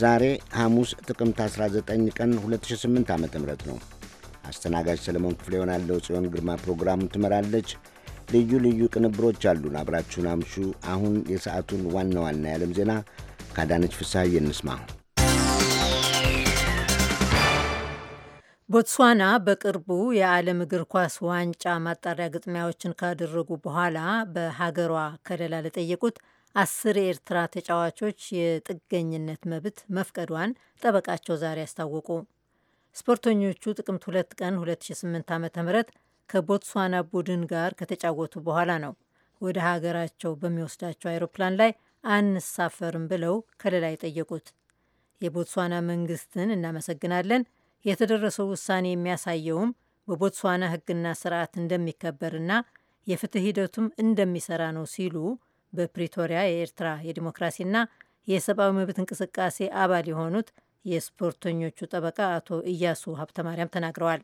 ዛሬ ሐሙስ ጥቅምት 19 ቀን 2008 ዓ ም ነው። አስተናጋጅ ሰለሞን ክፍሌ ይሆናለሁ ጽዮን ግርማ ፕሮግራሙ ትመራለች። ልዩ ልዩ ቅንብሮች አሉን። አብራችሁን አምሹ። አሁን የሰዓቱን ዋና ዋና የዓለም ዜና ካዳነች ፍስሐዬ እንስማ። ቦትስዋና በቅርቡ የዓለም እግር ኳስ ዋንጫ ማጣሪያ ግጥሚያዎችን ካደረጉ በኋላ በሀገሯ ከለላ ለጠየቁት አስር የኤርትራ ተጫዋቾች የጥገኝነት መብት መፍቀዷን ጠበቃቸው ዛሬ አስታወቁ። ስፖርተኞቹ ጥቅምት 2 ቀን 2008 ዓ ም ከቦትስዋና ቡድን ጋር ከተጫወቱ በኋላ ነው ወደ ሀገራቸው በሚወስዳቸው አይሮፕላን ላይ አንሳፈርም ብለው ከለላ የጠየቁት። የቦትስዋና መንግስትን እናመሰግናለን፣ የተደረሰው ውሳኔ የሚያሳየውም በቦትስዋና ሕግና ስርዓት እንደሚከበርና የፍትህ ሂደቱም እንደሚሰራ ነው ሲሉ በፕሪቶሪያ የኤርትራ የዲሞክራሲና የሰብአዊ መብት እንቅስቃሴ አባል የሆኑት የስፖርተኞቹ ጠበቃ አቶ እያሱ ሀብተማርያም ተናግረዋል።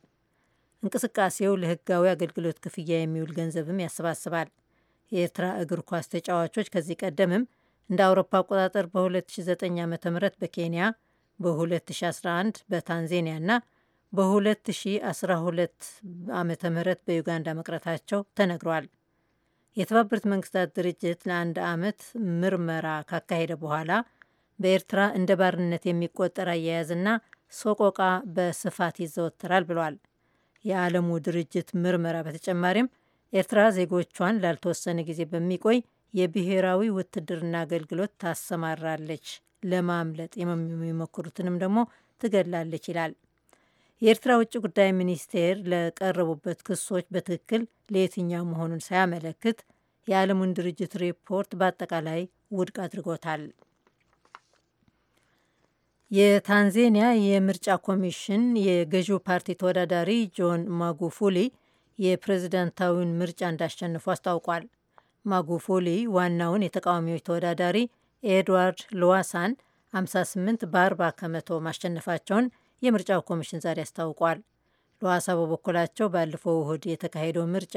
እንቅስቃሴው ለህጋዊ አገልግሎት ክፍያ የሚውል ገንዘብም ያሰባስባል። የኤርትራ እግር ኳስ ተጫዋቾች ከዚህ ቀደምም እንደ አውሮፓ አቆጣጠር በ2009 ዓ ም በኬንያ በ2011 በታንዜኒያና በ2012 ዓ ም በዩጋንዳ መቅረታቸው ተነግሯል። የተባበሩት መንግስታት ድርጅት ለአንድ ዓመት ምርመራ ካካሄደ በኋላ በኤርትራ እንደ ባርነት የሚቆጠር አያያዝና ሶቆቃ በስፋት ይዘወተራል ብሏል። የዓለሙ ድርጅት ምርመራ በተጨማሪም ኤርትራ ዜጎቿን ላልተወሰነ ጊዜ በሚቆይ የብሔራዊ ውትድርና አገልግሎት ታሰማራለች፣ ለማምለጥ የሚሞክሩትንም ደግሞ ትገድላለች ይላል። የኤርትራ ውጭ ጉዳይ ሚኒስቴር ለቀረቡበት ክሶች በትክክል ለየትኛው መሆኑን ሳያመለክት የዓለሙን ድርጅት ሪፖርት በአጠቃላይ ውድቅ አድርጎታል። የታንዜኒያ የምርጫ ኮሚሽን የገዢው ፓርቲ ተወዳዳሪ ጆን ማጉፉሊ የፕሬዝዳንታዊን ምርጫ እንዳሸነፉ አስታውቋል። ማጉፉሊ ዋናውን የተቃዋሚዎች ተወዳዳሪ ኤድዋርድ ሉዋሳን 58 በ40 ከመቶ ማሸነፋቸውን የምርጫው ኮሚሽን ዛሬ አስታውቋል። ለዋሳ በበኩላቸው ባለፈው እሁድ የተካሄደው ምርጫ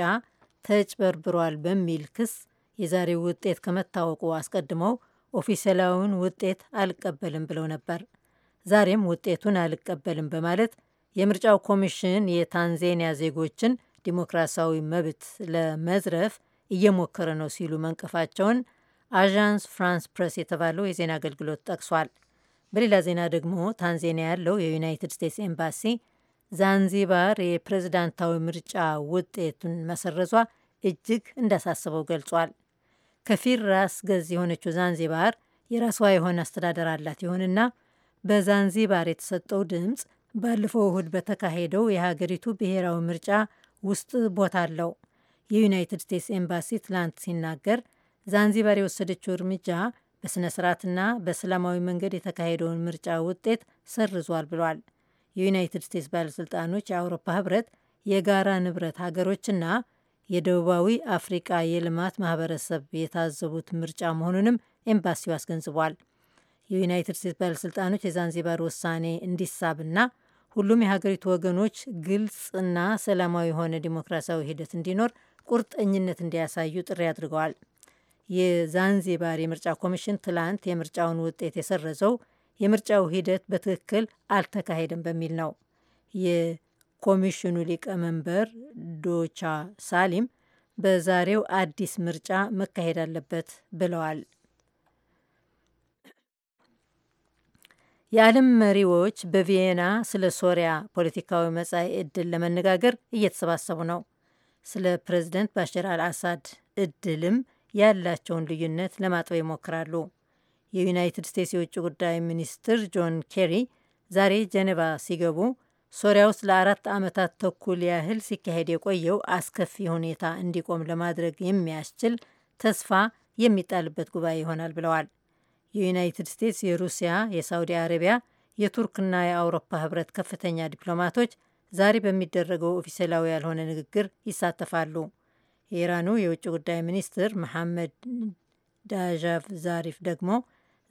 ተጭበርብሯል በሚል ክስ የዛሬው ውጤት ከመታወቁ አስቀድመው ኦፊሴላዊውን ውጤት አልቀበልም ብለው ነበር። ዛሬም ውጤቱን አልቀበልም በማለት የምርጫው ኮሚሽን የታንዜኒያ ዜጎችን ዲሞክራሲያዊ መብት ለመዝረፍ እየሞከረ ነው ሲሉ መንቀፋቸውን አዣንስ ፍራንስ ፕሬስ የተባለው የዜና አገልግሎት ጠቅሷል። በሌላ ዜና ደግሞ ታንዜኒያ ያለው የዩናይትድ ስቴትስ ኤምባሲ ዛንዚባር የፕሬዝዳንታዊ ምርጫ ውጤቱን መሰረዟ እጅግ እንዳሳስበው ገልጿል። ከፊል ራስ ገዝ የሆነችው ዛንዚባር የራስዋ የሆነ አስተዳደር አላት። ይሁንና በዛንዚባር የተሰጠው ድምፅ ባለፈው እሁድ በተካሄደው የሀገሪቱ ብሔራዊ ምርጫ ውስጥ ቦታ አለው። የዩናይትድ ስቴትስ ኤምባሲ ትላንት ሲናገር ዛንዚባር የወሰደችው እርምጃ በሥነ ሥርዓትና በሰላማዊ መንገድ የተካሄደውን ምርጫ ውጤት ሰርዟል ብሏል። የዩናይትድ ስቴትስ ባለሥልጣኖች የአውሮፓ ህብረት የጋራ ንብረት ሀገሮችና የደቡባዊ አፍሪቃ የልማት ማህበረሰብ የታዘቡት ምርጫ መሆኑንም ኤምባሲው አስገንዝቧል። የዩናይትድ ስቴትስ ባለሥልጣኖች የዛንዚባር ውሳኔ እንዲሳብና ሁሉም የሀገሪቱ ወገኖች ግልጽና ሰላማዊ የሆነ ዲሞክራሲያዊ ሂደት እንዲኖር ቁርጠኝነት እንዲያሳዩ ጥሪ አድርገዋል። የዛንዚባር የምርጫ ኮሚሽን ትላንት የምርጫውን ውጤት የሰረዘው የምርጫው ሂደት በትክክል አልተካሄደም በሚል ነው። የኮሚሽኑ ሊቀመንበር ዶቻ ሳሊም በዛሬው አዲስ ምርጫ መካሄድ አለበት ብለዋል። የዓለም መሪዎች በቪየና ስለ ሶሪያ ፖለቲካዊ መጻኢ ዕድል ለመነጋገር እየተሰባሰቡ ነው። ስለ ፕሬዚደንት ባሽር አልአሳድ ዕድልም ያላቸውን ልዩነት ለማጥበብ ይሞክራሉ። የዩናይትድ ስቴትስ የውጭ ጉዳይ ሚኒስትር ጆን ኬሪ ዛሬ ጀኔቫ ሲገቡ ሶሪያ ውስጥ ለአራት ዓመታት ተኩል ያህል ሲካሄድ የቆየው አስከፊ ሁኔታ እንዲቆም ለማድረግ የሚያስችል ተስፋ የሚጣልበት ጉባኤ ይሆናል ብለዋል። የዩናይትድ ስቴትስ፣ የሩሲያ፣ የሳውዲ አረቢያ፣ የቱርክና የአውሮፓ ህብረት ከፍተኛ ዲፕሎማቶች ዛሬ በሚደረገው ኦፊሴላዊ ያልሆነ ንግግር ይሳተፋሉ። የኢራኑ የውጭ ጉዳይ ሚኒስትር መሐመድ ዳዣቭ ዛሪፍ ደግሞ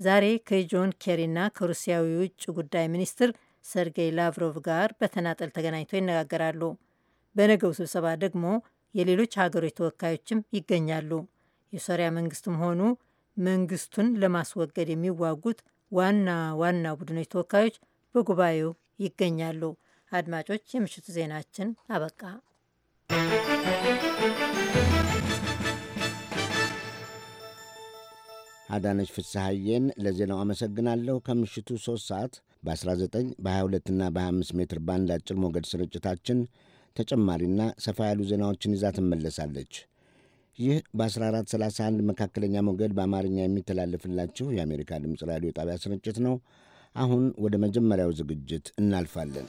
ዛሬ ከጆን ኬሪና ከሩሲያዊ ውጭ ጉዳይ ሚኒስትር ሰርጌይ ላቭሮቭ ጋር በተናጠል ተገናኝተው ይነጋገራሉ። በነገው ስብሰባ ደግሞ የሌሎች ሀገሮች ተወካዮችም ይገኛሉ። የሶሪያ መንግስትም ሆኑ መንግስቱን ለማስወገድ የሚዋጉት ዋና ዋና ቡድኖች ተወካዮች በጉባኤው ይገኛሉ። አድማጮች፣ የምሽቱ ዜናችን አበቃ። አዳነች ፍስሐዬን ለዜናው አመሰግናለሁ። ከምሽቱ 3 ሰዓት በ19 በ22ና በ25 ሜትር ባንድ አጭር ሞገድ ስርጭታችን ተጨማሪና ሰፋ ያሉ ዜናዎችን ይዛ ትመለሳለች። ይህ በ1431 መካከለኛ ሞገድ በአማርኛ የሚተላለፍላችሁ የአሜሪካ ድምፅ ራዲዮ ጣቢያ ስርጭት ነው። አሁን ወደ መጀመሪያው ዝግጅት እናልፋለን።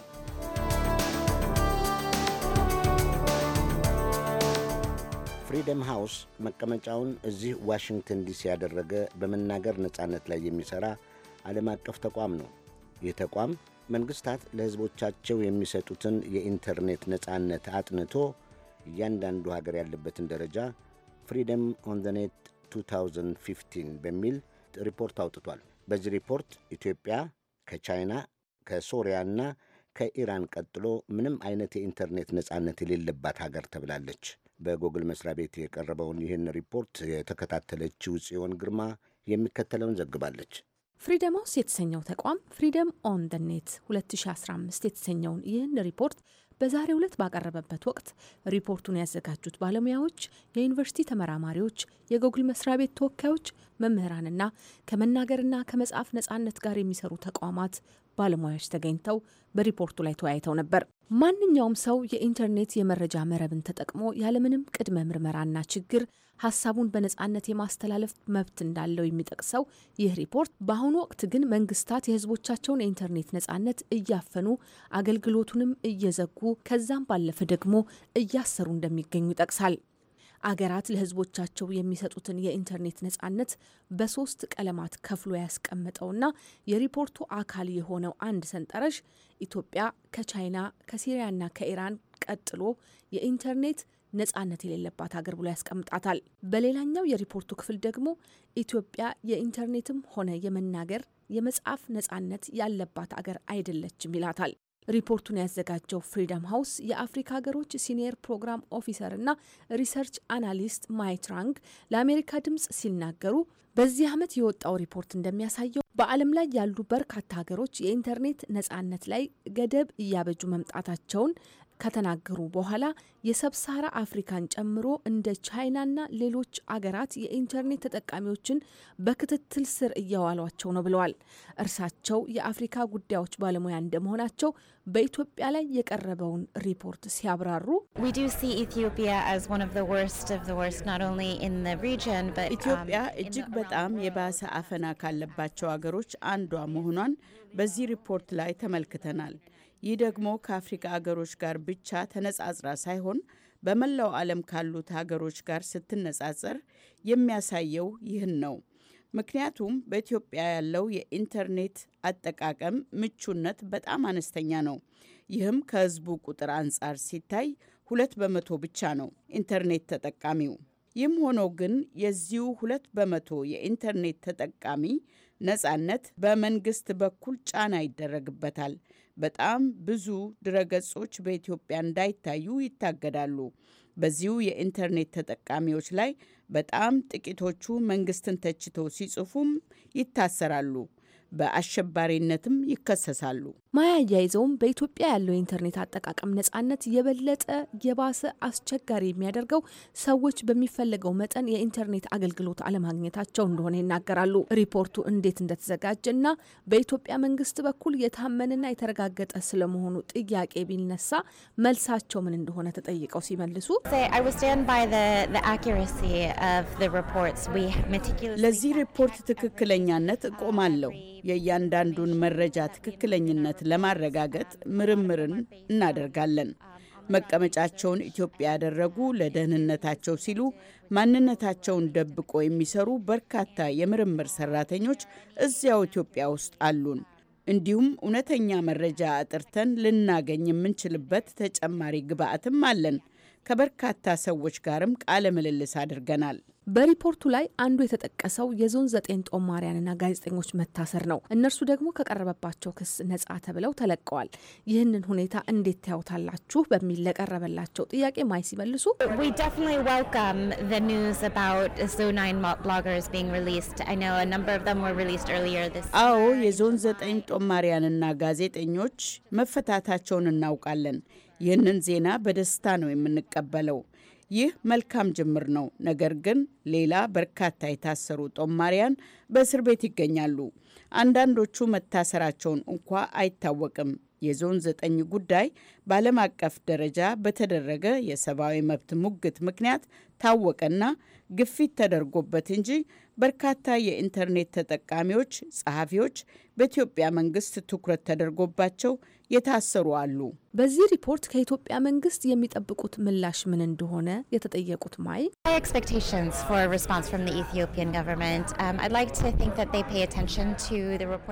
ፍሪደም ሃውስ መቀመጫውን እዚህ ዋሽንግተን ዲሲ ያደረገ በመናገር ነፃነት ላይ የሚሠራ ዓለም አቀፍ ተቋም ነው። ይህ ተቋም መንግሥታት ለሕዝቦቻቸው የሚሰጡትን የኢንተርኔት ነፃነት አጥንቶ እያንዳንዱ ሀገር ያለበትን ደረጃ ፍሪደም ኦን ዘ ኔት 2015 በሚል ሪፖርት አውጥቷል። በዚህ ሪፖርት ኢትዮጵያ ከቻይና ከሶሪያና ከኢራን ቀጥሎ ምንም አይነት የኢንተርኔት ነፃነት የሌለባት ሀገር ተብላለች። በጎግል መስሪያ ቤት የቀረበውን ይህን ሪፖርት የተከታተለችው ጽዮን ግርማ የሚከተለውን ዘግባለች። ፍሪደም ሃውስ የተሰኘው ተቋም ፍሪደም ኦን ደ ኔት 2015 የተሰኘውን ይህን ሪፖርት በዛሬ ዕለት ባቀረበበት ወቅት ሪፖርቱን ያዘጋጁት ባለሙያዎች፣ የዩኒቨርሲቲ ተመራማሪዎች፣ የጎግል መስሪያ ቤት ተወካዮች፣ መምህራንና ከመናገርና ከመጻፍ ነጻነት ጋር የሚሰሩ ተቋማት ባለሙያዎች ተገኝተው በሪፖርቱ ላይ ተወያይተው ነበር። ማንኛውም ሰው የኢንተርኔት የመረጃ መረብን ተጠቅሞ ያለምንም ቅድመ ምርመራና ችግር ሀሳቡን በነጻነት የማስተላለፍ መብት እንዳለው የሚጠቅሰው ይህ ሪፖርት በአሁኑ ወቅት ግን መንግስታት የህዝቦቻቸውን የኢንተርኔት ነጻነት እያፈኑ አገልግሎቱንም እየዘጉ ከዛም ባለፈ ደግሞ እያሰሩ እንደሚገኙ ይጠቅሳል። አገራት ለህዝቦቻቸው የሚሰጡትን የኢንተርኔት ነጻነት በሶስት ቀለማት ከፍሎ ያስቀመጠውና የሪፖርቱ አካል የሆነው አንድ ሰንጠረዥ ኢትዮጵያ ከቻይና ከሲሪያና ከኢራን ቀጥሎ የኢንተርኔት ነጻነት የሌለባት ሀገር ብሎ ያስቀምጣታል። በሌላኛው የሪፖርቱ ክፍል ደግሞ ኢትዮጵያ የኢንተርኔትም ሆነ የመናገር የመጻፍ ነጻነት ያለባት አገር አይደለችም ይላታል። ሪፖርቱን ያዘጋጀው ፍሪደም ሀውስ የአፍሪካ ሀገሮች ሲኒየር ፕሮግራም ኦፊሰር እና ሪሰርች አናሊስት ማይትራንግ ለአሜሪካ ድምጽ ሲናገሩ በዚህ ዓመት የወጣው ሪፖርት እንደሚያሳየው በዓለም ላይ ያሉ በርካታ ሀገሮች የኢንተርኔት ነጻነት ላይ ገደብ እያበጁ መምጣታቸውን ከተናገሩ በኋላ የሰብሳራ አፍሪካን ጨምሮ እንደ ቻይናና ሌሎች አገራት የኢንተርኔት ተጠቃሚዎችን በክትትል ስር እያዋሏቸው ነው ብለዋል። እርሳቸው የአፍሪካ ጉዳዮች ባለሙያ እንደመሆናቸው በኢትዮጵያ ላይ የቀረበውን ሪፖርት ሲያብራሩ um, ኢትዮጵያ እጅግ በጣም የባሰ አፈና ካለባቸው አገሮች አንዷ መሆኗን በዚህ ሪፖርት ላይ ተመልክተናል። ይህ ደግሞ ከአፍሪካ አገሮች ጋር ብቻ ተነጻጽራ ሳይሆን በመላው ዓለም ካሉት ሀገሮች ጋር ስትነጻጸር የሚያሳየው ይህን ነው። ምክንያቱም በኢትዮጵያ ያለው የኢንተርኔት አጠቃቀም ምቹነት በጣም አነስተኛ ነው። ይህም ከህዝቡ ቁጥር አንጻር ሲታይ ሁለት በመቶ ብቻ ነው ኢንተርኔት ተጠቃሚው። ይህም ሆኖ ግን የዚሁ ሁለት በመቶ የኢንተርኔት ተጠቃሚ ነጻነት በመንግስት በኩል ጫና ይደረግበታል። በጣም ብዙ ድረገጾች በኢትዮጵያ እንዳይታዩ ይታገዳሉ። በዚሁ የኢንተርኔት ተጠቃሚዎች ላይ በጣም ጥቂቶቹ መንግስትን ተችተው ሲጽፉም ይታሰራሉ። በአሸባሪነትም ይከሰሳሉ። ማያ አያይዘውም በኢትዮጵያ ያለው የኢንተርኔት አጠቃቀም ነጻነት የበለጠ የባሰ አስቸጋሪ የሚያደርገው ሰዎች በሚፈለገው መጠን የኢንተርኔት አገልግሎት አለማግኘታቸው እንደሆነ ይናገራሉ። ሪፖርቱ እንዴት እንደተዘጋጀ እና በኢትዮጵያ መንግስት በኩል የታመንና የተረጋገጠ ስለመሆኑ ጥያቄ ቢነሳ መልሳቸው ምን እንደሆነ ተጠይቀው ሲመልሱ ለዚህ ሪፖርት ትክክለኛነት እቆማለሁ። የእያንዳንዱን መረጃ ትክክለኝነት ለማረጋገጥ ምርምርን እናደርጋለን። መቀመጫቸውን ኢትዮጵያ ያደረጉ ለደህንነታቸው ሲሉ ማንነታቸውን ደብቆ የሚሰሩ በርካታ የምርምር ሰራተኞች እዚያው ኢትዮጵያ ውስጥ አሉን። እንዲሁም እውነተኛ መረጃ አጥርተን ልናገኝ የምንችልበት ተጨማሪ ግብአትም አለን። ከበርካታ ሰዎች ጋርም ቃለ ምልልስ አድርገናል። በሪፖርቱ ላይ አንዱ የተጠቀሰው የዞን ዘጠኝ ጦማሪያንና ጋዜጠኞች መታሰር ነው። እነርሱ ደግሞ ከቀረበባቸው ክስ ነጻ ተብለው ተለቀዋል። ይህንን ሁኔታ እንዴት ታዩታላችሁ? በሚል ለቀረበላቸው ጥያቄ ማይ ሲመልሱ አዎ የዞን ዘጠኝ ጦማሪያንና ጋዜጠኞች መፈታታቸውን እናውቃለን። ይህንን ዜና በደስታ ነው የምንቀበለው። ይህ መልካም ጅምር ነው። ነገር ግን ሌላ በርካታ የታሰሩ ጦማሪያን በእስር ቤት ይገኛሉ። አንዳንዶቹ መታሰራቸውን እንኳ አይታወቅም። የዞን ዘጠኝ ጉዳይ በዓለም አቀፍ ደረጃ በተደረገ የሰብአዊ መብት ሙግት ምክንያት ታወቀና ግፊት ተደርጎበት እንጂ በርካታ የኢንተርኔት ተጠቃሚዎች፣ ጸሐፊዎች በኢትዮጵያ መንግስት ትኩረት ተደርጎባቸው የታሰሩ አሉ። በዚህ ሪፖርት ከኢትዮጵያ መንግስት የሚጠብቁት ምላሽ ምን እንደሆነ የተጠየቁት ማይ um,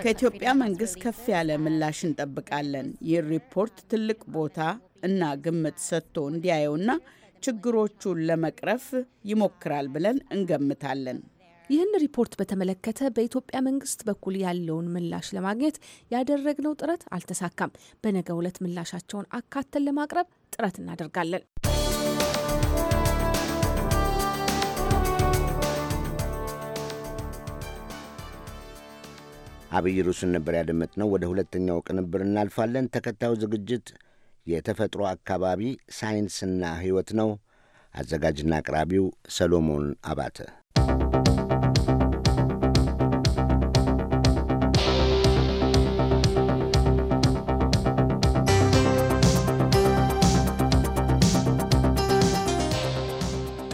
ከኢትዮጵያ መንግስት ከፍ ያለ ምላሽ እንጠብቃለን። ይህ ሪፖርት ትልቅ ቦታ እና ግምት ሰጥቶ እንዲያየውና ችግሮቹን ለመቅረፍ ይሞክራል ብለን እንገምታለን። ይህን ሪፖርት በተመለከተ በኢትዮጵያ መንግስት በኩል ያለውን ምላሽ ለማግኘት ያደረግነው ጥረት አልተሳካም። በነገ ዕለት ምላሻቸውን አካተን ለማቅረብ ጥረት እናደርጋለን። አብይ ሩስን ነበር ያደመጥነው። ወደ ሁለተኛው ቅንብር እናልፋለን። ተከታዩ ዝግጅት የተፈጥሮ አካባቢ ሳይንስና ሕይወት ነው። አዘጋጅና አቅራቢው ሰሎሞን አባተ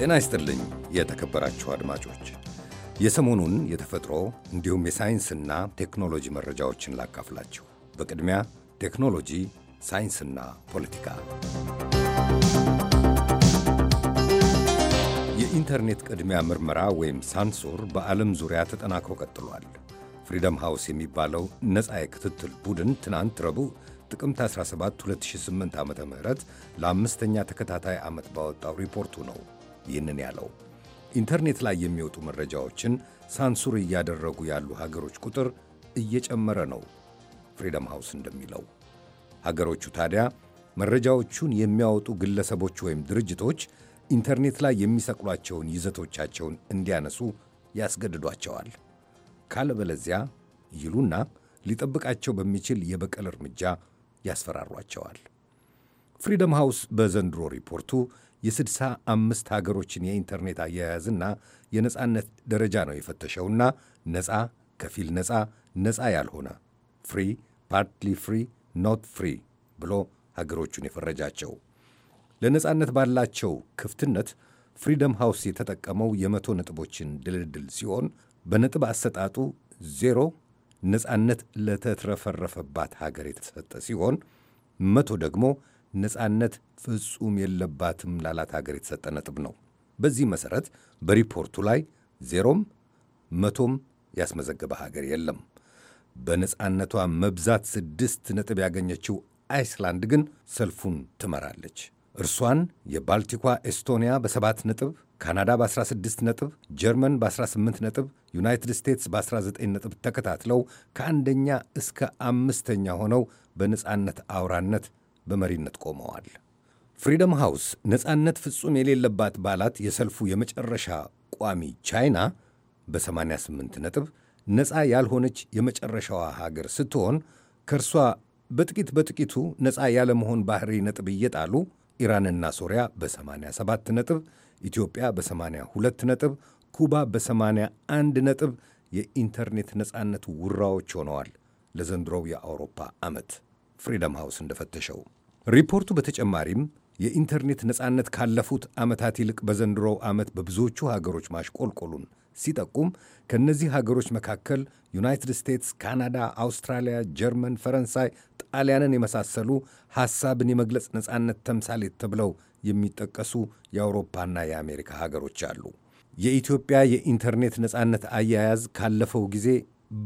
ጤና ይስጥልኝ የተከበራችሁ አድማጮች። የሰሞኑን የተፈጥሮ እንዲሁም የሳይንስና ቴክኖሎጂ መረጃዎችን ላካፍላችሁ። በቅድሚያ ቴክኖሎጂ፣ ሳይንስና ፖለቲካ። የኢንተርኔት ቅድሚያ ምርመራ ወይም ሳንሱር በዓለም ዙሪያ ተጠናክሮ ቀጥሏል። ፍሪደም ሃውስ የሚባለው ነፃ የክትትል ቡድን ትናንት ረቡዕ ጥቅምት 17 2008 ዓ ም ለአምስተኛ ተከታታይ ዓመት ባወጣው ሪፖርቱ ነው ይህንን ያለው ኢንተርኔት ላይ የሚወጡ መረጃዎችን ሳንሱር እያደረጉ ያሉ ሀገሮች ቁጥር እየጨመረ ነው። ፍሪደም ሃውስ እንደሚለው ሀገሮቹ ታዲያ መረጃዎቹን የሚያወጡ ግለሰቦች ወይም ድርጅቶች ኢንተርኔት ላይ የሚሰቅሏቸውን ይዘቶቻቸውን እንዲያነሱ ያስገድዷቸዋል። ካለበለዚያ ይሉና ሊጠብቃቸው በሚችል የበቀል እርምጃ ያስፈራሯቸዋል። ፍሪደም ሃውስ በዘንድሮ ሪፖርቱ የስድሳ አምስት ሀገሮችን የኢንተርኔት አያያዝና የነፃነት ደረጃ ነው የፈተሸውና ነፃ፣ ከፊል ነፃ፣ ነጻ ያልሆነ ፍሪ፣ ፓርትሊ ፍሪ፣ ኖት ፍሪ ብሎ ሀገሮቹን የፈረጃቸው ለነፃነት ባላቸው ክፍትነት ፍሪደም ሃውስ የተጠቀመው የመቶ ነጥቦችን ድልድል ሲሆን በነጥብ አሰጣጡ ዜሮ ነፃነት ለተትረፈረፈባት ሀገር የተሰጠ ሲሆን መቶ ደግሞ ነጻነት ፍጹም የለባትም ላላት ሀገር የተሰጠ ነጥብ ነው። በዚህ መሠረት በሪፖርቱ ላይ ዜሮም መቶም ያስመዘገበ ሀገር የለም። በነጻነቷ መብዛት ስድስት ነጥብ ያገኘችው አይስላንድ ግን ሰልፉን ትመራለች። እርሷን የባልቲኳ ኤስቶኒያ በሰባት ነጥብ፣ ካናዳ በ16 ነጥብ፣ ጀርመን በ18 ነጥብ፣ ዩናይትድ ስቴትስ በ19 ነጥብ ተከታትለው ከአንደኛ እስከ አምስተኛ ሆነው በነጻነት አውራነት በመሪነት ቆመዋል። ፍሪደም ሃውስ ነፃነት ፍጹም የሌለባት ባላት የሰልፉ የመጨረሻ ቋሚ ቻይና በ88 ነጥብ ነፃ ያልሆነች የመጨረሻዋ ሀገር ስትሆን ከእርሷ በጥቂት በጥቂቱ ነፃ ያለመሆን ባህሪ ነጥብ እየጣሉ ኢራንና ሶሪያ በ87 ነጥብ፣ ኢትዮጵያ በ82 ነጥብ፣ ኩባ በ81 ነጥብ የኢንተርኔት ነፃነት ውራዎች ሆነዋል ለዘንድሮው የአውሮፓ ዓመት። ፍሪደም ሃውስ እንደፈተሸው። ሪፖርቱ በተጨማሪም የኢንተርኔት ነጻነት ካለፉት ዓመታት ይልቅ በዘንድሮው ዓመት በብዙዎቹ ሀገሮች ማሽቆልቆሉን ሲጠቁም ከእነዚህ ሀገሮች መካከል ዩናይትድ ስቴትስ፣ ካናዳ፣ አውስትራሊያ፣ ጀርመን፣ ፈረንሳይ፣ ጣሊያንን የመሳሰሉ ሐሳብን የመግለጽ ነጻነት ተምሳሌት ተብለው የሚጠቀሱ የአውሮፓና የአሜሪካ ሀገሮች አሉ። የኢትዮጵያ የኢንተርኔት ነጻነት አያያዝ ካለፈው ጊዜ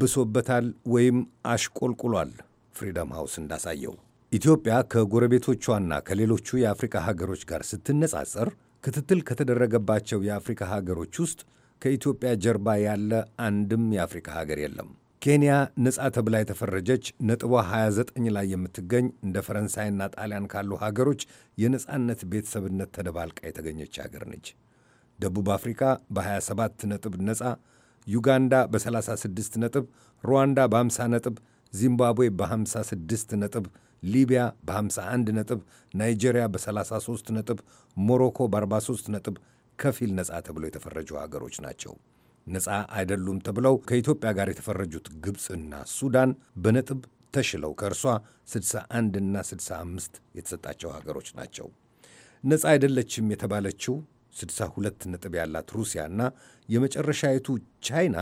ብሶበታል ወይም አሽቆልቁሏል ፍሪደም ሃውስ እንዳሳየው ኢትዮጵያ ከጎረቤቶቿና ከሌሎቹ የአፍሪካ ሀገሮች ጋር ስትነጻጸር ክትትል ከተደረገባቸው የአፍሪካ ሀገሮች ውስጥ ከኢትዮጵያ ጀርባ ያለ አንድም የአፍሪካ ሀገር የለም። ኬንያ ነጻ ተብላ የተፈረጀች ነጥቧ 29 ላይ የምትገኝ እንደ ፈረንሳይና ጣሊያን ካሉ ሀገሮች የነጻነት ቤተሰብነት ተደባልቃ የተገኘች ሀገር ነች። ደቡብ አፍሪካ በ27 ነጥብ ነጻ፣ ዩጋንዳ በ36 ነጥብ፣ ሩዋንዳ በ50 ነጥብ ዚምባብዌ በ56 ነጥብ፣ ሊቢያ በ51 ነጥብ፣ ናይጄሪያ በ33 ነጥብ፣ ሞሮኮ በ43 ነጥብ ከፊል ነፃ ተብለው የተፈረጁ ሀገሮች ናቸው። ነፃ አይደሉም ተብለው ከኢትዮጵያ ጋር የተፈረጁት ግብፅና ሱዳን በነጥብ ተሽለው ከእርሷ 61 እና 65 የተሰጣቸው ሀገሮች ናቸው። ነፃ አይደለችም የተባለችው 62 ነጥብ ያላት ሩሲያና የመጨረሻይቱ ቻይና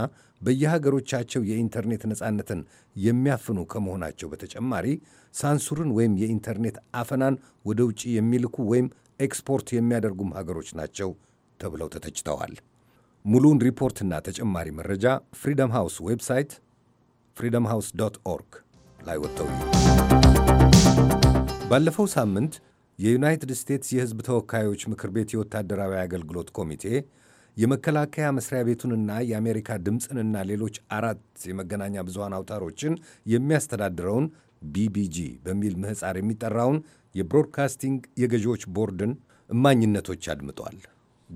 በየሀገሮቻቸው የኢንተርኔት ነፃነትን የሚያፍኑ ከመሆናቸው በተጨማሪ ሳንሱርን ወይም የኢንተርኔት አፈናን ወደ ውጭ የሚልኩ ወይም ኤክስፖርት የሚያደርጉም ሀገሮች ናቸው ተብለው ተተችተዋል። ሙሉውን ሪፖርትና ተጨማሪ መረጃ ፍሪደም ሃውስ ዌብሳይት ፍሪደም ሃውስ ዶት ኦርግ ላይ ወጥተው ባለፈው ሳምንት የዩናይትድ ስቴትስ የሕዝብ ተወካዮች ምክር ቤት የወታደራዊ አገልግሎት ኮሚቴ የመከላከያ መስሪያ ቤቱንና የአሜሪካ ድምፅንና ሌሎች አራት የመገናኛ ብዙሃን አውታሮችን የሚያስተዳድረውን ቢቢጂ በሚል ምህፃር የሚጠራውን የብሮድካስቲንግ የገዢዎች ቦርድን እማኝነቶች አድምጧል።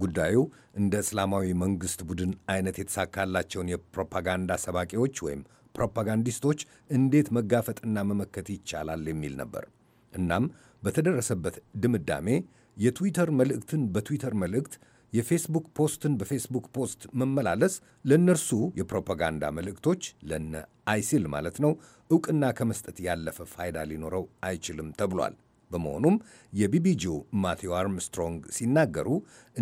ጉዳዩ እንደ እስላማዊ መንግሥት ቡድን አይነት የተሳካላቸውን የፕሮፓጋንዳ ሰባቂዎች ወይም ፕሮፓጋንዲስቶች እንዴት መጋፈጥና መመከት ይቻላል የሚል ነበር። እናም በተደረሰበት ድምዳሜ የትዊተር መልእክትን በትዊተር መልእክት፣ የፌስቡክ ፖስትን በፌስቡክ ፖስት መመላለስ ለእነርሱ የፕሮፓጋንዳ መልእክቶች ለነ አይሲል ማለት ነው እውቅና ከመስጠት ያለፈ ፋይዳ ሊኖረው አይችልም ተብሏል። በመሆኑም የቢቢጂው ማቴው አርምስትሮንግ ሲናገሩ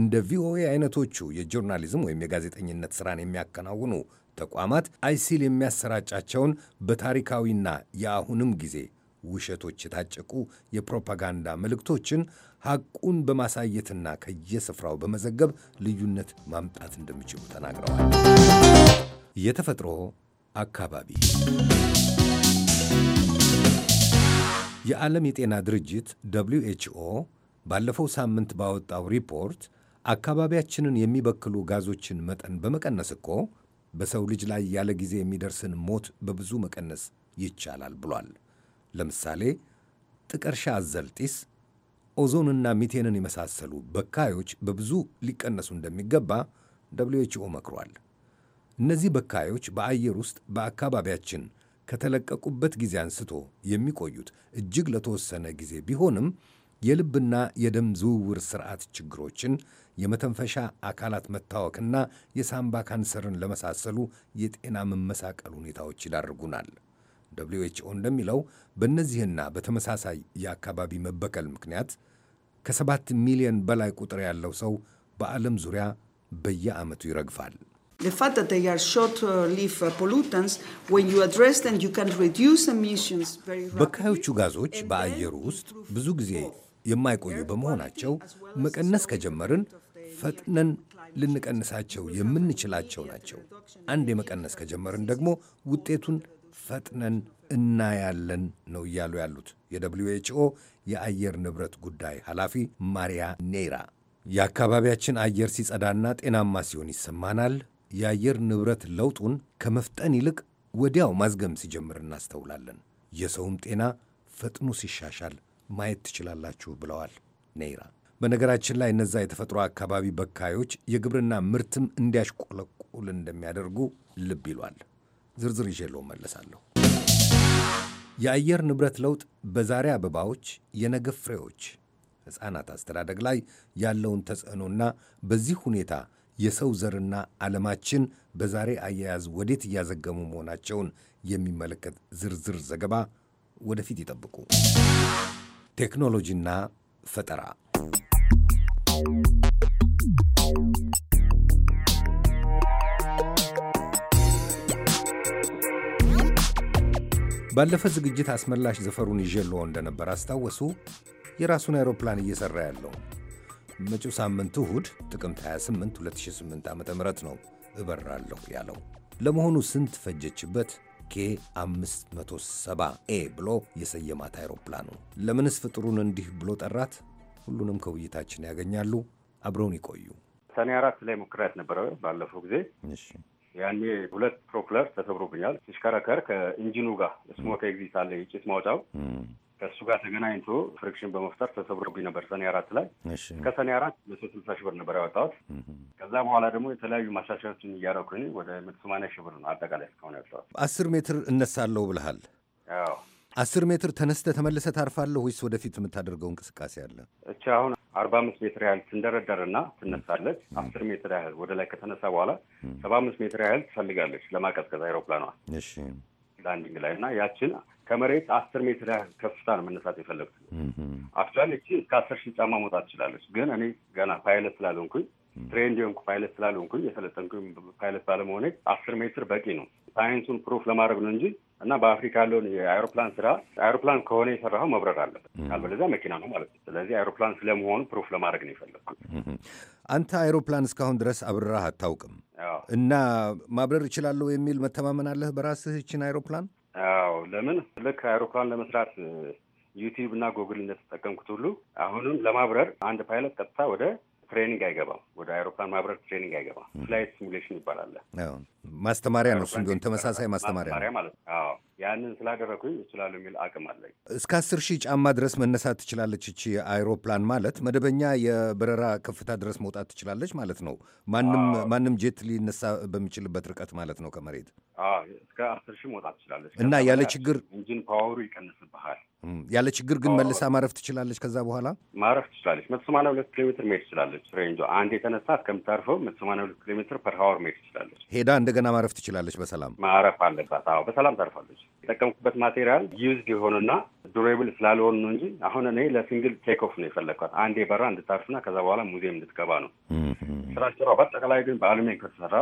እንደ ቪኦኤ አይነቶቹ የጆርናሊዝም ወይም የጋዜጠኝነት ስራን የሚያከናውኑ ተቋማት አይሲል የሚያሰራጫቸውን በታሪካዊና የአሁንም ጊዜ ውሸቶች የታጨቁ የፕሮፓጋንዳ መልእክቶችን ሐቁን በማሳየትና ከየስፍራው በመዘገብ ልዩነት ማምጣት እንደሚችሉ ተናግረዋል። የተፈጥሮ አካባቢ የዓለም የጤና ድርጅት ደብሊው ኤችኦ ባለፈው ሳምንት ባወጣው ሪፖርት አካባቢያችንን የሚበክሉ ጋዞችን መጠን በመቀነስ እኮ በሰው ልጅ ላይ ያለ ጊዜ የሚደርስን ሞት በብዙ መቀነስ ይቻላል ብሏል። ለምሳሌ ጥቀርሻ አዘል ጢስ፣ ኦዞንና ሚቴንን የመሳሰሉ በካዮች በብዙ ሊቀነሱ እንደሚገባ ደብሊው ኤች ኦ መክሯል። እነዚህ በካዮች በአየር ውስጥ በአካባቢያችን ከተለቀቁበት ጊዜ አንስቶ የሚቆዩት እጅግ ለተወሰነ ጊዜ ቢሆንም የልብና የደም ዝውውር ስርዓት ችግሮችን፣ የመተንፈሻ አካላት መታወክና የሳምባ ካንሰርን ለመሳሰሉ የጤና መመሳቀል ሁኔታዎች ይዳርጉናል። ደብሊው ኤች ኦ እንደሚለው በእነዚህና በተመሳሳይ የአካባቢ መበቀል ምክንያት ከሰባት ሚሊዮን በላይ ቁጥር ያለው ሰው በዓለም ዙሪያ በየዓመቱ ይረግፋል። በካዮቹ ጋዞች በአየሩ ውስጥ ብዙ ጊዜ የማይቆዩ በመሆናቸው መቀነስ ከጀመርን ፈጥነን ልንቀንሳቸው የምንችላቸው ናቸው። አንድ የመቀነስ ከጀመርን ደግሞ ውጤቱን ፈጥነን እናያለን ነው እያሉ ያሉት የደብሊው ኤችኦ የአየር ንብረት ጉዳይ ኃላፊ ማሪያ ኔራ። የአካባቢያችን አየር ሲጸዳና ጤናማ ሲሆን ይሰማናል። የአየር ንብረት ለውጡን ከመፍጠን ይልቅ ወዲያው ማዝገም ሲጀምር እናስተውላለን። የሰውም ጤና ፈጥኖ ሲሻሻል ማየት ትችላላችሁ ብለዋል ኔይራ። በነገራችን ላይ እነዛ የተፈጥሮ አካባቢ በካዮች የግብርና ምርትም እንዲያሽቆለቁል እንደሚያደርጉ ልብ ይሏል። ዝርዝር ይዤለው መለሳለሁ። የአየር ንብረት ለውጥ በዛሬ አበባዎች የነገ ፍሬዎች ሕፃናት አስተዳደግ ላይ ያለውን ተጽዕኖና በዚህ ሁኔታ የሰው ዘርና ዓለማችን በዛሬ አያያዝ ወዴት እያዘገሙ መሆናቸውን የሚመለከት ዝርዝር ዘገባ ወደፊት ይጠብቁ። ቴክኖሎጂና ፈጠራ ባለፈ ዝግጅት አስመላሽ ዘፈሩን ይዤልዎ እንደነበር አስታወሱ። የራሱን አይሮፕላን እየሠራ ያለው መጪው ሳምንት እሁድ ጥቅምት 28 2008 ዓ ም ነው እበራለሁ ያለው። ለመሆኑ ስንት ፈጀችበት? ኬ 570 ኤ ብሎ የሰየማት አይሮፕላኑ ለምንስ ፍጥሩን እንዲህ ብሎ ጠራት? ሁሉንም ከውይይታችን ያገኛሉ። አብረውን ይቆዩ። ሰኔ አራት ላይ ሞክሪያት ነበረ ባለፈው ጊዜ ያኔ ሁለት ፕሮክለር ተሰብሮብኛል። ሲሽከረከር ከኢንጂኑ ጋር ስሞክ ኤግዚት አለ የጭስ ማውጫው ከእሱ ጋር ተገናኝቶ ፍሪክሽን በመፍጠር ተሰብሮብኝ ነበር ሰኔ አራት ላይ እስከ ሰኔ አራት መቶ ስልሳ ሺህ ብር ነበር ያወጣሁት። ከዛ በኋላ ደግሞ የተለያዩ ማሻሻያዎችን እያደረኩኝ ወደ መቶ ሰማንያ ሺህ ብር ነው አጠቃላይ እስካሁን ያወጣሁት። አስር ሜትር እነሳለሁ ብልሃል አስር ሜትር ተነስተ ተመልሰ ታርፋለህ ወይስ ወደፊት የምታደርገው እንቅስቃሴ አለ? እቺ አሁን አርባ አምስት ሜትር ያህል ትንደረደርና ትነሳለች። አስር ሜትር ያህል ወደ ላይ ከተነሳ በኋላ ሰባ አምስት ሜትር ያህል ትፈልጋለች ለማቀዝቀዝ አይሮፕላኗ ላንዲንግ ላይ እና ያችን ከመሬት አስር ሜትር ያህል ከፍታ ነው መነሳት የፈለጉት። አክቹዋሊ እቺ እስከ አስር ሺህ ጫማ መውጣት ትችላለች። ግን እኔ ገና ፓይለት ስላልሆንኩኝ ትሬንድ የሆንኩ ፓይለት ስላልሆንኩኝ የሰለጠንኩኝ ፓይለት ባለመሆኔ አስር ሜትር በቂ ነው። ሳይንሱን ፕሩፍ ለማድረግ ነው እንጂ እና በአፍሪካ ያለውን የአይሮፕላን ስራ አይሮፕላን ከሆነ የሰራው መብረር አለበት፣ አልበለዚያ መኪና ነው ማለት ነው። ስለዚህ አይሮፕላን ስለመሆኑ ፕሩፍ ለማድረግ ነው የፈለግኩት። አንተ አይሮፕላን እስካሁን ድረስ አብረራህ አታውቅም እና ማብረር እችላለሁ የሚል መተማመን አለህ በራስህ ይህችን አይሮፕላን? አዎ፣ ለምን ልክ አይሮፕላን ለመስራት ዩቲዩብ እና ጉግል እንደተጠቀምኩት ሁሉ አሁንም ለማብረር አንድ ፓይለት ቀጥታ ወደ ትሬኒንግ አይገባም። ወደ አይሮፕላን ማብረር ትሬኒንግ አይገባም። ፍላይት ሲሙሌሽን ይባላል። ማስተማሪያ ነው እሱም ቢሆን ተመሳሳይ ማስተማሪያ ነው ማለት ነው። ያንን ስላደረግኩኝ እችላለሁ የሚል አቅም አለኝ። እስከ አስር ሺህ ጫማ ድረስ መነሳት ትችላለች እቺ አይሮፕላን ማለት መደበኛ የበረራ ከፍታ ድረስ መውጣት ትችላለች ማለት ነው። ማንም ማንም ጄት ሊነሳ በሚችልበት ርቀት ማለት ነው ከመሬት እስከ አስር ሺህ መውጣት ትችላለች እና ያለ ችግር ኢንጂን ፓወሩ ይቀንስብሃል። ያለ ችግር ግን መልሳ ማረፍ ትችላለች። ከዛ በኋላ ማረፍ ትችላለች። መቶ ሰማንያ ሁለት ኪሎ ሜትር መሄድ ትችላለች። ሬንጆ አንድ የተነሳ እስከምታርፈው መቶ ሰማንያ ሁለት ኪሎ ሜትር ፐር ሀወር መሄድ ትችላለች ሄዳ እንደገና ማረፍ ትችላለች። በሰላም ማረፍ አለባት። አዎ በሰላም ታርፋለች። የጠቀምኩበት ማቴሪያል ዩዝድ የሆኑና ዱሬብል ስላልሆኑ ነው እንጂ አሁን እኔ ለሲንግል ቴክ ኦፍ ነው የፈለግኳት። አንዴ በራ እንድታርፍና ከዛ በኋላ ሙዚየም እንድትገባ ነው ስራ ስራ። በአጠቃላይ ግን በአሉሚኒየም ከተሰራ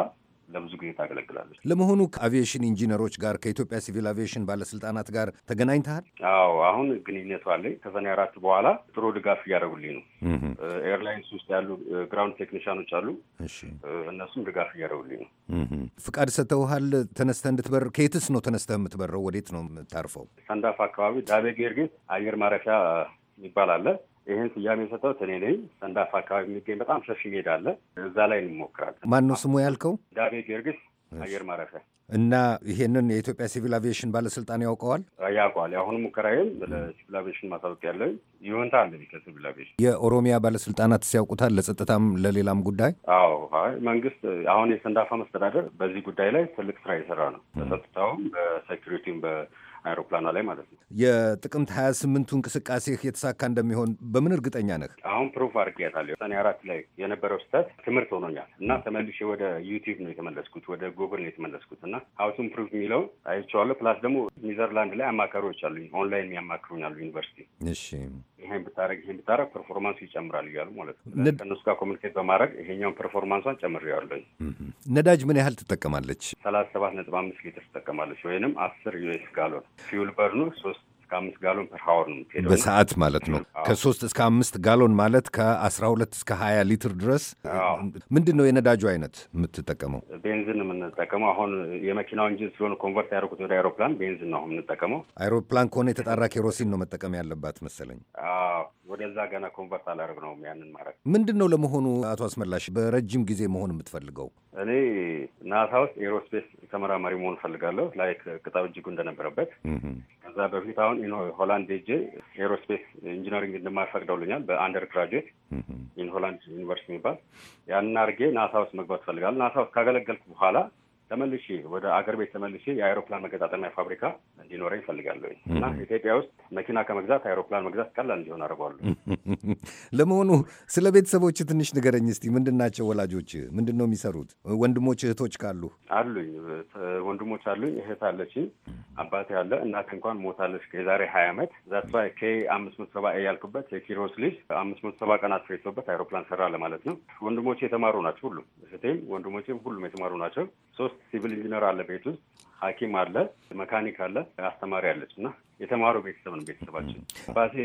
ለብዙ ጊዜ ታገለግላለች። ለመሆኑ ከአቪዬሽን ኢንጂነሮች ጋር ከኢትዮጵያ ሲቪል አቪዬሽን ባለስልጣናት ጋር ተገናኝተሃል? አዎ፣ አሁን ግንኙነቱ አለኝ። ከሰኔ አራት በኋላ ጥሩ ድጋፍ እያደረጉልኝ ነው። ኤርላይንስ ውስጥ ያሉ ግራውንድ ቴክኒሽያኖች አሉ። እነሱም ድጋፍ እያደረጉልኝ ነው። ፍቃድ ሰጥተውሃል ተነስተህ እንድትበር? ከየትስ ነው ተነስተህ የምትበረው? ወዴት ነው የምታርፈው? ሰንዳፋ አካባቢ ዳቤ አየር ማረፊያ አለ። ይህን ስያሜ የሰጠው እኔ ነኝ። ሰንዳፋ አካባቢ የሚገኝ በጣም ሰፊ ሜዳ አለ። እዛ ላይ እንሞክራለን። ማን ነው ስሙ ያልከው? ዳቤ ጊዮርጊስ አየር ማረፊያ እና ይሄንን የኢትዮጵያ ሲቪል አቪዬሽን ባለስልጣን ያውቀዋል ያውቀዋል። የአሁኑ ሙከራዬም ለሲቪል አቪዬሽን ማሳወቅ ያለኝ ይሁንታ አለ ከሲቪል አቪዬሽን። የኦሮሚያ ባለስልጣናት ሲያውቁታል ለጸጥታም ለሌላም ጉዳይ? አዎ መንግስት፣ አሁን የሰንዳፋ መስተዳደር በዚህ ጉዳይ ላይ ትልቅ ስራ የሰራ ነው። በጸጥታውም በሴኪሪቲም አይሮፕላኗ ላይ ማለት ነው። የጥቅምት ሀያ ስምንቱ እንቅስቃሴህ የተሳካ እንደሚሆን በምን እርግጠኛ ነህ? አሁን ፕሩፍ አድርጌያታለሁ። ሰኔ አራት ላይ የነበረው ስህተት ትምህርት ሆኖኛል እና ተመልሼ ወደ ዩቲዩብ ነው የተመለስኩት፣ ወደ ጉግል ነው የተመለስኩት እና ሀውቱን ፕሩፍ የሚለው አይቼዋለሁ። ፕላስ ደግሞ ኒዘርላንድ ላይ አማካሪዎች አሉኝ፣ ኦንላይን የሚያማክሩኝ አሉ ዩኒቨርሲቲ። እሺ ይሄን ብታደረግ ይሄን ብታደረግ ፐርፎርማንስ ይጨምራል እያሉ ማለት ነው። ከእነሱ ጋር ኮሚኒኬት በማድረግ ይሄኛውን ፐርፎርማንሷን ጨምሬዋለሁ። ነዳጅ ምን ያህል ትጠቀማለች? ሰላሳ ሰባት ነጥብ አምስት ሊትር ትጠቀማለች ወይንም አስር ዩኤስ ጋሎን ፊውል በርኑ ሶስት እስከ አምስት ጋሎን ፐር ሀወር ነው የምትሄደው በሰዓት ማለት ነው። ከሶስት እስከ አምስት ጋሎን ማለት ከአስራ ሁለት እስከ ሀያ ሊትር ድረስ። ምንድን ነው የነዳጁ አይነት የምትጠቀመው? ቤንዝን የምንጠቀመው አሁን የመኪናው እንጂን ስለሆነ ኮንቨርት ያደርጉት ወደ አይሮፕላን ቤንዝን ነው የምንጠቀመው። አይሮፕላን ከሆነ የተጣራ ኬሮሲን ነው መጠቀም ያለባት መሰለኝ። ወደዛ ገና ኮንቨርት አላደርግ ነው። ያንን ማለት ምንድን ነው ለመሆኑ አቶ አስመላሽ በረጅም ጊዜ መሆን የምትፈልገው? እኔ ናሳ ውስጥ ኤሮስፔስ ተመራማሪ መሆን እፈልጋለሁ። ላይክ ቅጣው እጅጉ እንደነበረበት ከዛ በፊት አሁን ሆላንድ ጄ ኤሮስፔስ ኢንጂነሪንግ እንድማር ፈቅደውልኛል በአንደር ግራጁዌት ኢን ሆላንድ ዩኒቨርሲቲ የሚባል ያንን አድርጌ ናሳ ውስጥ መግባት እፈልጋለሁ። ናሳ ውስጥ ካገለገልኩ በኋላ ተመልሼ ወደ አገር ቤት ተመልሼ የአይሮፕላን መገጣጠሚያ ፋብሪካ እንዲኖረኝ ይፈልጋለሁ እና ኢትዮጵያ ውስጥ መኪና ከመግዛት አይሮፕላን መግዛት ቀላል እንዲሆን አድርጓለሁ። ለመሆኑ ስለ ቤተሰቦች ትንሽ ንገረኝ እስቲ። ምንድን ናቸው ወላጆች? ምንድን ነው የሚሰሩት? ወንድሞች እህቶች ካሉ? አሉኝ፣ ወንድሞች አሉኝ፣ እህት አለችኝ፣ አባት ያለ እናት እንኳን ሞታለች የዛሬ ሀያ ዓመት ዛስፋ ኬ አምስት መቶ ሰባ ያልኩበት የኪሮስ ልጅ አምስት መቶ ሰባ ቀናት ፈጅቶበት አይሮፕላን ሰራ ለማለት ነው። ወንድሞች የተማሩ ናቸው ሁሉም፣ እህቴም ወንድሞቼም ሁሉም የተማሩ ናቸው። ሶስት ሲቪል ኢንጂነር አለ ቤት ውስጥ፣ ሐኪም አለ፣ መካኒክ አለ፣ አስተማሪ አለች እና የተማሩ ቤተሰብ ነው ቤተሰባችን። ባሴ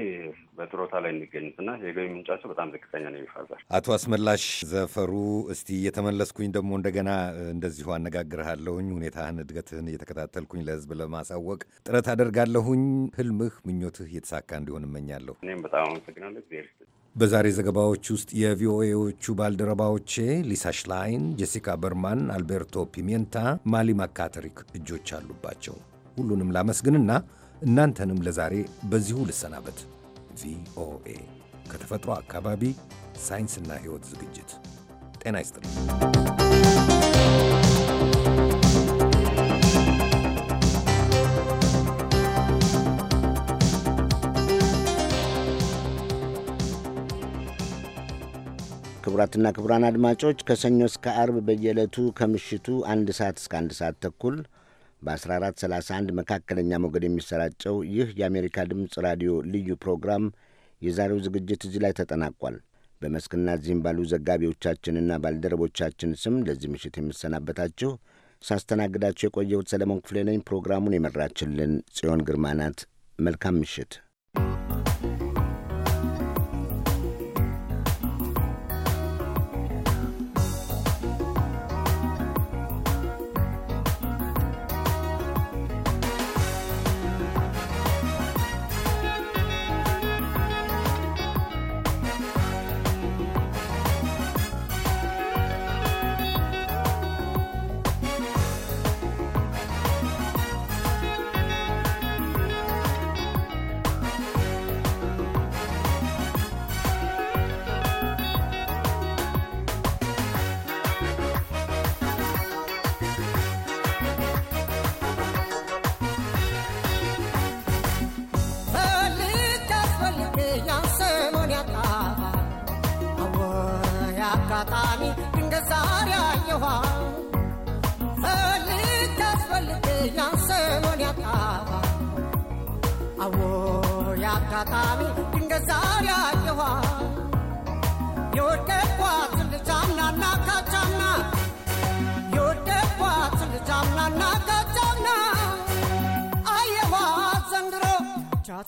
በጥሮታ ላይ የሚገኙት እና የገቢ ምንጫቸው በጣም ዝቅተኛ ነው ይፋዛል አቶ አስመላሽ ዘፈሩ፣ እስቲ እየተመለስኩኝ ደግሞ እንደገና እንደዚሁ አነጋግርሃለሁኝ። ሁኔታህን እድገትህን እየተከታተልኩኝ ለህዝብ ለማሳወቅ ጥረት አደርጋለሁኝ። ህልምህ ምኞትህ እየተሳካ እንዲሆን እመኛለሁ። እኔም በጣም አመሰግናለሁ። በዛሬ ዘገባዎች ውስጥ የቪኦኤዎቹ ባልደረባዎቼ ሊሳ ሽላይን፣ ጄሲካ በርማን፣ አልቤርቶ ፒሜንታ፣ ማሊ ማካተሪክ እጆች አሉባቸው። ሁሉንም ላመስግንና እናንተንም ለዛሬ በዚሁ ልሰናበት። ቪኦኤ ከተፈጥሮ አካባቢ ሳይንስና ሕይወት ዝግጅት ጤና ይስጥልኝ። ክቡራትና ክቡራን አድማጮች ከሰኞ እስከ አርብ በየዕለቱ ከምሽቱ አንድ ሰዓት እስከ አንድ ሰዓት ተኩል በ1431 መካከለኛ ሞገድ የሚሰራጨው ይህ የአሜሪካ ድምፅ ራዲዮ ልዩ ፕሮግራም የዛሬው ዝግጅት እዚህ ላይ ተጠናቋል። በመስክና እዚህም ባሉ ዘጋቢዎቻችንና ባልደረቦቻችን ስም ለዚህ ምሽት የምሰናበታችሁ ሳስተናግዳችሁ የቆየሁት ሰለሞን ክፍሌ ነኝ። ፕሮግራሙን የመራችልን ጽዮን ግርማ ናት። መልካም ምሽት።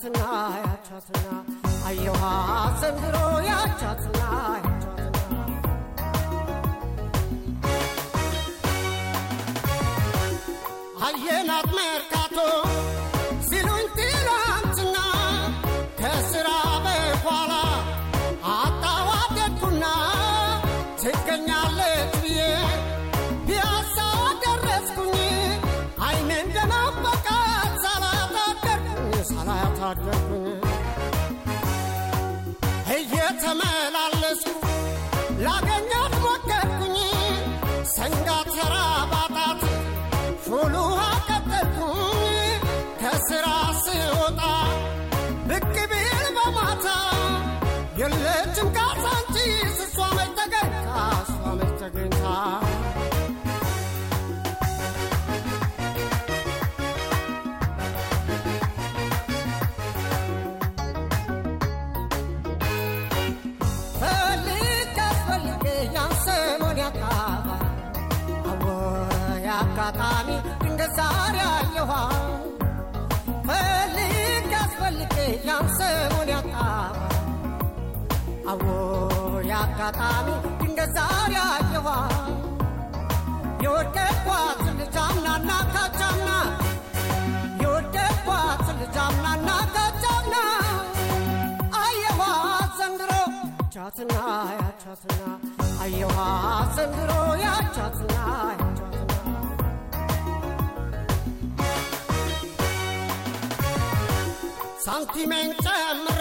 ያቻትና ያቻትና አየዋ ዘንድሮ ያቻትና ያቻትና አየናት እየታደርኩ እየተመላለስኩ ላገኛት ሞከርኩኝ። ሰንጋ ተራ ባጣት ፉል ውሃ ቀጠልኩኝ። ከስራ ስወጣ ብቅ ብል በማታ የለችም ካዛንቺስ አጋጣሚ እንደዛሬ አየኋ የወደድኳት ልጃምናና ካቻምና የወደድኳት ልጃምናና ካቻምና አየኋ ዘንድሮ ያቻትና ያቻትና አየኋ ዘንድሮ ያቻትና ያቻትና ሳንቲሜን ጨምሬ